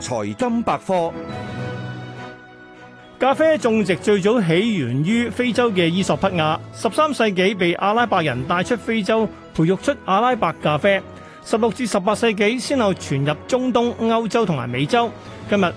財經百科：咖啡種植最早起源於非洲嘅伊索匹亞，十三世紀被阿拉伯人帶出非洲，培育出阿拉伯咖啡。十六至十八世紀先後傳入中東、歐洲同埋美洲。今日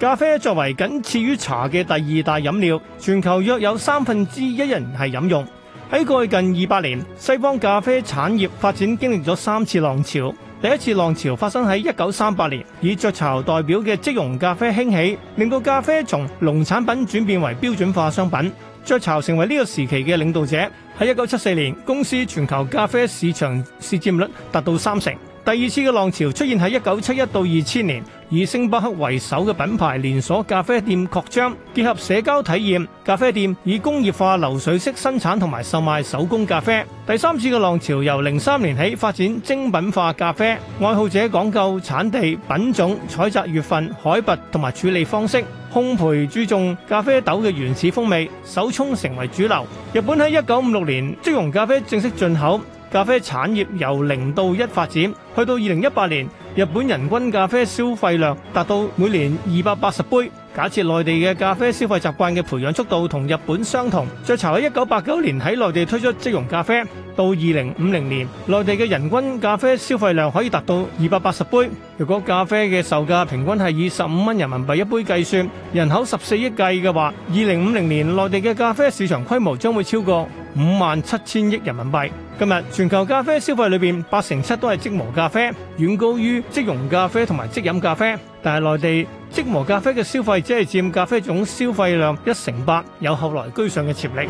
咖啡作為僅次於茶嘅第二大飲料，全球約有三分之一人係飲用。喺過去近二百年，西方咖啡產業發展經歷咗三次浪潮。第一次浪潮發生喺一九三八年，以雀巢代表嘅即溶咖啡興起，令到咖啡從農產品轉變為標準化商品。雀巢成為呢個時期嘅領導者。喺一九七四年，公司全球咖啡市場市佔率達到三成。第二次嘅浪潮出現喺一九七一到二千年，以星巴克為首嘅品牌連鎖咖啡店擴張，結合社交體驗。咖啡店以工業化流水式生產同埋售賣手工咖啡。第三次嘅浪潮由零三年起發展精品化咖啡，愛好者講究產地、品種、採摘月份、海拔同埋處理方式，烘焙注重咖啡豆嘅原始風味，手沖成為主流。日本喺一九五六年，即溶咖啡正式進口。咖啡產業由零到一發展，去到二零一八年，日本人均咖啡消費量達到每年二百八十杯。假設內地嘅咖啡消費習慣嘅培養速度同日本相同，雀巢喺一九八九年喺內地推出即溶咖啡，到二零五零年，內地嘅人均咖啡消費量可以達到二百八十杯。如果咖啡嘅售價平均係以十五蚊人民幣一杯計算，人口十四億計嘅話，二零五零年內地嘅咖啡市場規模將會超過五萬七千億人民幣。今日全球咖啡消費裏邊，八成七都係即磨咖啡，遠高於即溶咖啡同埋即飲咖啡。但係內地即磨咖啡嘅消費只係占咖啡總消費量一成八，有後來居上嘅潛力。